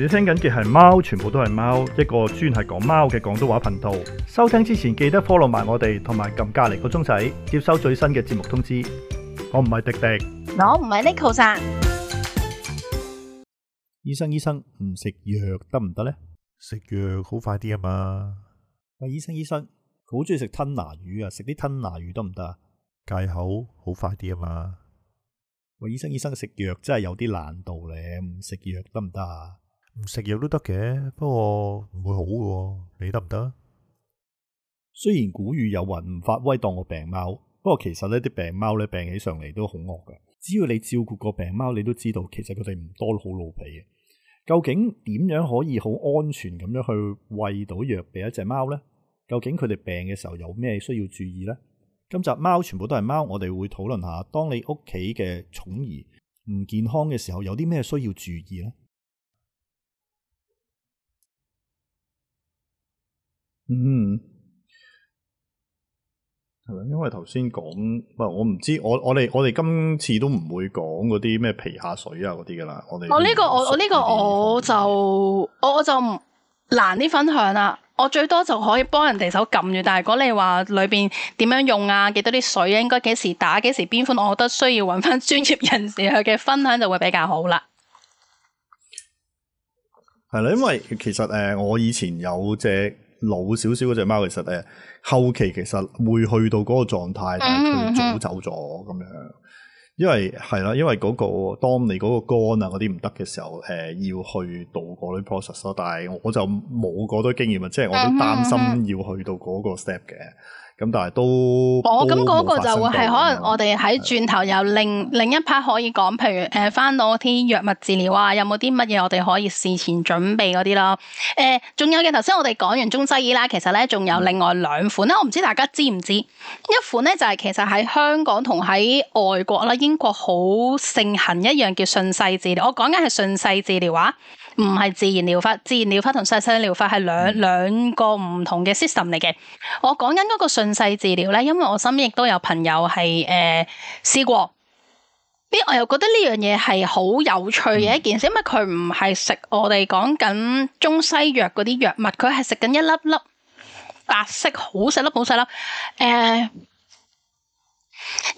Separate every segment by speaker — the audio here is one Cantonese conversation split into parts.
Speaker 1: 你聽緊嘅係貓，全部都係貓，一個專係講貓嘅廣東話頻道。收聽之前記得 follow 埋我哋，同埋撳隔籬個鐘仔，接收最新嘅節目通知。我唔係迪迪，
Speaker 2: 我唔係 Neko。
Speaker 1: 醫生，醫生唔食藥得唔得呢？食藥好快啲啊嘛。喂，醫生，醫生好中意食吞拿魚啊，食啲吞拿魚得唔得啊？戒口好快啲啊嘛。喂，醫生，醫生食藥真係有啲難度咧，唔食藥得唔得啊？行唔食藥都得嘅，不過唔會好嘅。你得唔得？雖然古語有云唔發威當我病貓，不過其實呢啲病貓咧，病起上嚟都好惡嘅。只要你照顧個病貓，你都知道其實佢哋唔多好老脾嘅。究竟點樣可以好安全咁樣去喂到藥俾一隻貓呢？究竟佢哋病嘅時候有咩需要注意呢？今集貓全部都係貓，我哋會討論下，當你屋企嘅寵兒唔健康嘅時候，有啲咩需要注意呢？嗯，係啦，因為頭先講，唔係我唔知，我我哋我哋今次都唔會講嗰啲咩皮下水啊嗰啲噶啦，我哋我呢個我我呢個
Speaker 2: 我就我我就難啲分享啦，我最多就可以幫人哋手撳住，但係如果你話裏邊點樣用啊，幾多啲水，應該幾時打，幾時邊款，我覺得需要揾翻專業人士去嘅分享就會比較好啦。
Speaker 1: 係啦，因為其實誒、呃，我以前有隻。老少少嗰隻貓，其實誒後期其實會去到嗰個狀態，但係佢早走咗咁樣。因為係啦，因為嗰、嗰個當你嗰個肝啊嗰啲唔得嘅時候，誒、呃、要去度過啲 process 咯。但係我就冇嗰多經驗啊，即係我都擔心要去到嗰個 step 嘅。咁但係都，我咁嗰個就會係可能
Speaker 2: 我哋喺轉頭又另是的 另一 part 可以講，譬如誒翻到啲藥物治療啊，有冇啲乜嘢我哋可以事前準備嗰啲咯？誒、呃，仲有嘅頭先我哋講完中西醫啦，其實咧仲有另外兩款啦，是的 我唔知大家知唔知？一款咧就係、是、其實喺香港同喺外國啦，英國好盛行一樣叫順勢治療，我講緊係順勢治療啊！唔係自然療法，自然療法同細細療法係兩、嗯、兩個唔同嘅 system 嚟嘅。我講緊嗰個順勢治療呢，因為我身邊亦都有朋友係誒、呃、試過，啲我又覺得呢樣嘢係好有趣嘅一件事，因為佢唔係食我哋講緊中西藥嗰啲藥物，佢係食緊一粒粒白色好細粒好細粒誒。呃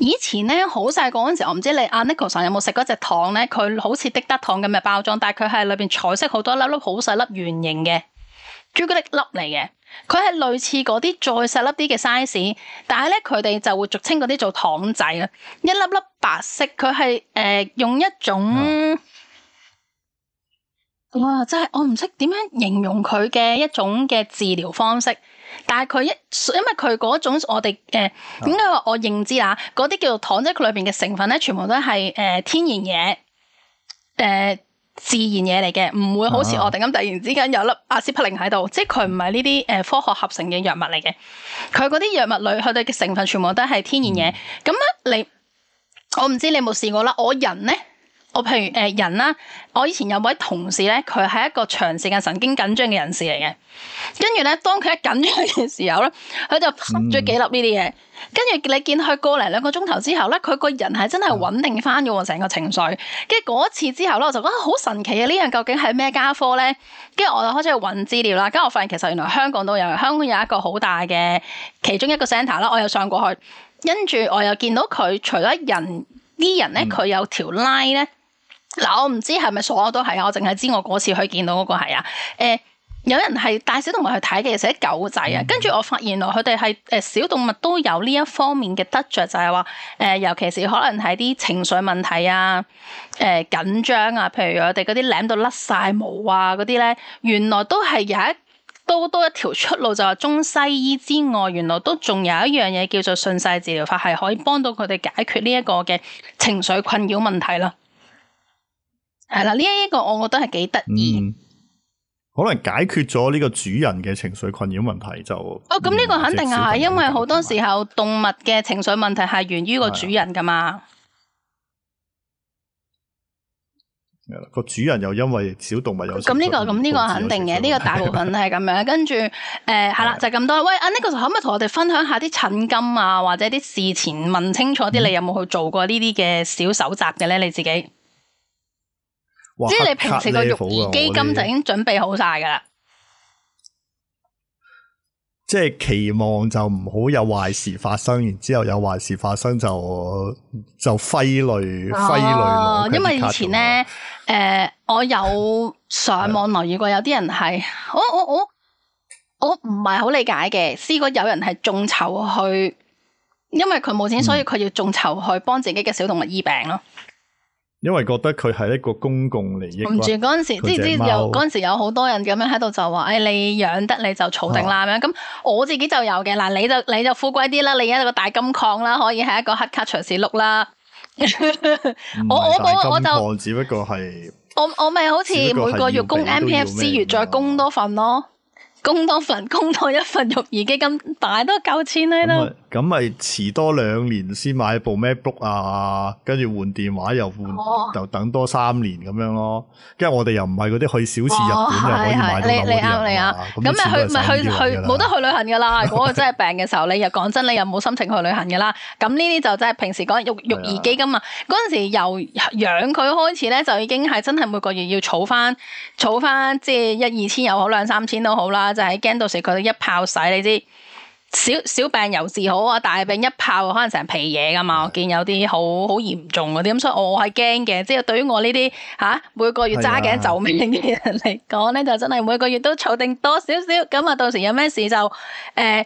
Speaker 2: 以前咧好細個嗰陣時，我唔知你阿、啊、Nicholson 有冇食嗰隻糖咧？佢好似滴得糖咁嘅包裝，但係佢係裏邊彩色好多粒粒好細粒圓形嘅朱古力粒嚟嘅。佢係類似嗰啲再細粒啲嘅 size，但係咧佢哋就會俗稱嗰啲做糖仔啊。一粒粒白色，佢係誒用一種、嗯、哇，真係我唔識點樣形容佢嘅一種嘅治療方式。但係佢一，因為佢嗰種我哋誒、呃，應該我認知啊，嗰啲叫做糖質，即佢裏邊嘅成分咧，全部都係誒、呃、天然嘢，誒、呃、自然嘢嚟嘅，唔會好似我哋咁、啊、突然之間有粒阿司匹靈喺度，即係佢唔係呢啲誒科學合成嘅藥物嚟嘅，佢嗰啲藥物裏佢哋嘅成分全部都係天然嘢。咁咧、嗯、你，我唔知你有冇試過啦，我人咧。我譬如誒人啦，我以前有位同事咧，佢係一個長時間神經緊張嘅人士嚟嘅，跟住咧，當佢一緊張嘅時候咧，佢就吸咗幾粒呢啲嘢，跟住你見佢過嚟兩個鐘頭之後咧，佢個人係真係穩定翻嘅成個情緒。跟住嗰次之後咧，我就覺得好神奇啊！呢樣究竟係咩家科咧？跟住我就開始去揾資料啦。住我發現其實原來香港都有，香港有一個好大嘅其中一個 c e n t r 啦，我又上過去，跟住我又見到佢除咗人，啲人咧佢有條拉 i 咧。嗱，我唔知係咪所有都係啊，我淨係知我嗰次去見到嗰個係啊。誒、呃，有人係帶小動物去睇嘅，其實啲狗仔啊，跟住我發現原來佢哋係誒小動物都有呢一方面嘅得着，就係話誒，尤其是可能係啲情緒問題啊，誒、呃、緊張啊，譬如我哋嗰啲舐到甩晒毛啊嗰啲咧，原來都係有一多多一條出路，就係中西醫之外，原來都仲有一樣嘢叫做順勢治療法，係可以幫到佢哋解決呢一個嘅情緒困擾問題囉。係啦，呢一個我我覺得係幾得
Speaker 1: 意，可能解決咗呢個主人嘅情緒困擾問題就。哦，咁呢個肯定係，因
Speaker 2: 為好多時候動物嘅情緒問題係源於個主人噶嘛。
Speaker 1: 個主人又因為小動物有咁呢個，咁呢個肯定嘅，呢個大部分
Speaker 2: 係咁樣。跟住，誒，係啦，就咁多。喂，啊，呢個時候可唔可以同我哋分享下啲診金啊，或者啲事前問清楚啲，你有冇去做過呢啲嘅小搜集嘅咧？你自己？
Speaker 1: 哇即係你平時個育兒基金就已經
Speaker 2: 準備好晒噶啦，
Speaker 1: 即係期望就唔好有壞事發生，然之後有壞事發生就就揮淚揮淚，因為以前咧，
Speaker 2: 誒、 呃，我有上網留意過有，有啲人係我我我我唔係好理解嘅，試過有人係眾籌去，因為佢冇錢，所以佢要眾籌去幫自己嘅小動物醫病咯。
Speaker 1: 因為覺得佢係一個公共利益，唔住嗰陣時，知唔知有陣時
Speaker 2: 有好多人咁樣喺度就話，誒、哎，你養得你就儲定啦，咁、啊、我自己就有嘅。嗱，你就你就富貴啲啦，你而家個大金礦啦，可以係一個黑卡隨時碌啦，
Speaker 1: 我我我我就我我我不只不過係
Speaker 2: 我我咪好似每個月供 M P F 之餘再供多份咯。供多份，供多一份育兒基金，大都夠錢喺度。
Speaker 1: 咁咪遲多兩年先買部 MacBook 啊，跟住換電話又換，就、oh. 等多三年咁樣咯。跟住我哋又唔係嗰啲去小次日本、oh. 又、oh. 你啱你啊，咁解錢去，唔需要冇得
Speaker 2: 去旅行噶啦，嗰個 真係病嘅時候，你又講真，你又冇心情去旅行噶啦。咁呢啲就真係平時講育育兒基金啊。嗰陣 時由養佢開始咧，就已經係真係每個月要儲翻，儲翻即係一二千又好，兩三千都好啦。就係驚到時佢一炮死，你知？小小病又治好啊，大病一炮可能成皮嘢噶嘛。的我見有啲好好嚴重嗰啲，咁所以我係驚嘅。即係對於我呢啲嚇每個月揸頸就命嘅人嚟講咧，的 就真係每個月都儲定多少少，咁啊到時有咩事就誒、呃，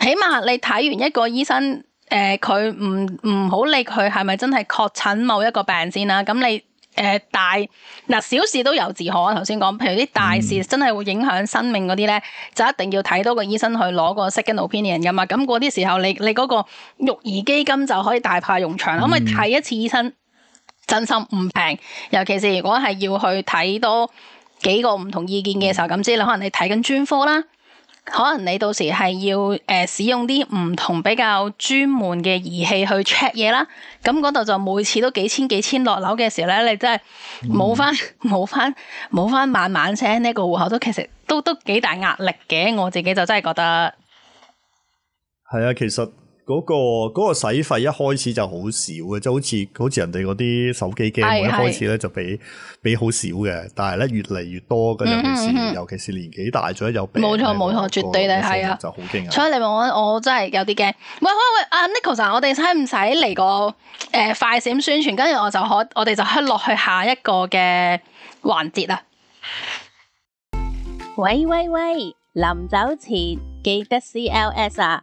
Speaker 2: 起碼你睇完一個醫生誒，佢唔唔好理佢係咪真係確診某一個病先啦。咁你。誒、呃、大嗱、啊、小事都由自可啊，頭先講，譬如啲大事真係會影響生命嗰啲咧，嗯、就一定要睇多個醫生去攞個 Second Opinion 噶嘛。咁嗰啲時候你，你你嗰個育兒基金就可以大派用場唔、嗯、可，可以睇一次醫生真心唔平，尤其是如果係要去睇多幾個唔同意見嘅時候，咁之類，可能你睇緊專科啦。可能你到時係要誒、呃、使用啲唔同比較專門嘅儀器去 check 嘢啦，咁度就每次都幾千幾千落樓嘅時候咧，你真係冇翻冇翻冇翻萬萬聲呢個戶口都其實都都幾大壓力嘅，我自己就真係覺得
Speaker 1: 係啊，其實。嗰個使費一開始就，少就好少嘅，即係好似好似人哋嗰啲手機 game，我一開始咧就俾俾好少嘅，但係咧越嚟越多，跟住 尤其尤其是年紀大咗又病，冇錯冇錯，絕對咧係啊，就好驚。所
Speaker 2: 以你問我我真係有啲驚。喂喂喂，阿 n i 我哋使唔使嚟個誒快閃宣傳？跟住我就可我哋就可落去下一個嘅環節啦。喂喂喂，臨走前記得 CLS 啊！